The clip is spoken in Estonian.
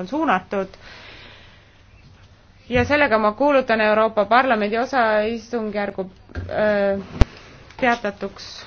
on suunatud. ja sellega ma kuulutan Euroopa Parlamendi osaistungjärgu öö, äh, peatatuks.